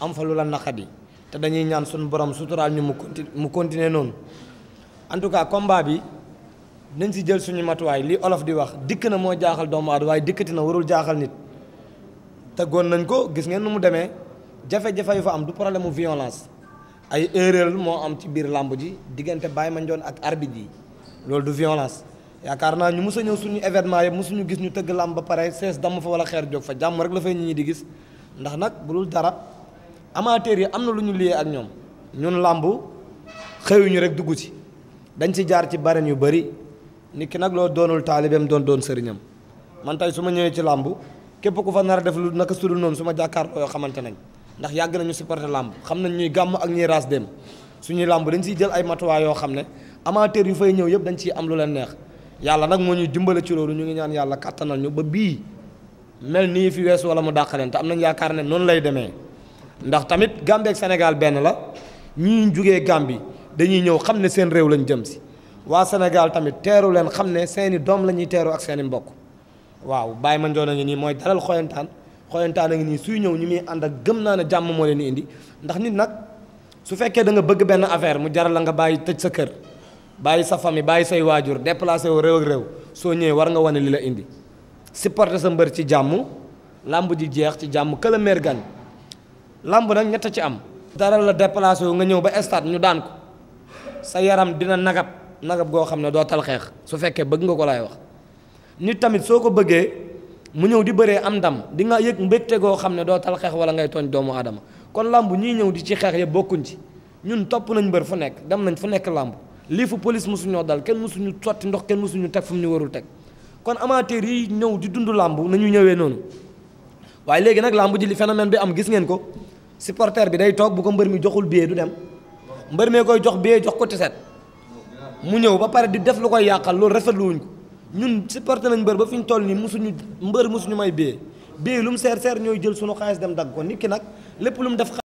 am fa lu la yi te dañuy ñaan suñu borom suturaal ñu mu conti mu continuer noonu en tout cas combat bi nañ si jël suñu matuwaay li olof di wax dikk na moo jaaxal doomu aadama waaye dikkati na warul jaaxal nit tegoon nañ ko gis ngeen nu mu demee jafe-jafe yu fa am du problème mu violence ay erreur moo am ci biir làmb ji diggante Baye Mandione ak arbitre yi loolu du violence yaakaar naa ñu mës a ñëw suñu événement yëpp suñu gis ñu tëgg làmb ba pare sees damm fa wala xeer jóg fa jàmm rek la fay nit di gis ndax nag bu dara amateurs yi am na lu ñu liyee ak ñoom ñun làmb xëyuñu rek dugg ci dañ ci jaar ci bareen yu bari nit ki nag loo doonul taalibeem doon doon sëriñam man tey su ma ñëwee ci làmb képp ku fa nar a def lu naka sudul noonu su ma jàkkaarloo yoo xamante nañ ndax yàgg nañu supporter làmb xam nañ ñuy gàmm ak ñuy raas dem suñuy làmb dañ ciy jël ay matuwaay yoo xam ne amateur yu fay ñëw yëpp dañ ciy am lu leen neex yàlla nag moo ñuy dimbale ci loolu ñu ngi ñaan yàlla kàttanal ñu ba bii mel nii fi weesu wala mu dàqaleen te am nañ yaakaar ne noonu lay demee ndax tamit Gambie ak Sénégal benn la ñi jugee Gambie dañuy ñëw xam ne seen réew lañ jëm si waa Sénégal tamit teeru leen xam ne seeni doom la ñuy teeru ak seeni mbokk waaw Baye Mandione a ngi nii mooy dalal xoyantaan xoyantaan a ngi nii suy ñëw ñu muy ànd ak gëm naa ne jàmm moo leen indi ndax nit nag su fekkee da nga bëgg benn affaire mu jaral la nga bàyyi tëj sa kër bàyyi sa famille bàyyi say waajur déplacé wu réew ak réew soo ñëwee war nga wane li la indi supporter sa mbër ci jàmm làmb ji jeex ci jàmm këla gan làmb nag ñett ci am dara la déplacé wu nga ñëw ba stade ñu daan ko sa yaram dina nagab nagab goo xam ne doo tal xeex su fekkee bëgg nga ko laay wax nit tamit soo ko bëggee mu ñëw di bëree am ndam di nga yëg mbégte goo xam ne doo tal xeex wala ngay tooñ doomu aadama kon làmb ñii ñëw di ci xeex yëpp bokkuñ ci ñun topp nañ bër fu nekk dem nañ fu nekk làmb lii fu police mosuñoo dal kenn mosuñu sotti ndox kenn mosuñu teg fu mu ñu warul teg kon amateur yi ñëw di dund làmb nañu ñëwee noonu waaye léegi nag làmb ji li phénomène bi am gis ngeen ko supporter bi day toog bu ko mbër mi joxul billet du dem mbër mee koy jox billet jox ko tiset mu ñëw ba pare di def lu koy yàqal loolu rafetlu wuñ ko ñun supporter nañ mbër ba fi ñu toll nii musuñu mbër musuñu may billet billet lu mu seer seer ñooy jël suñu xaalis dem dagg ko nit ki nag lépp lu mu def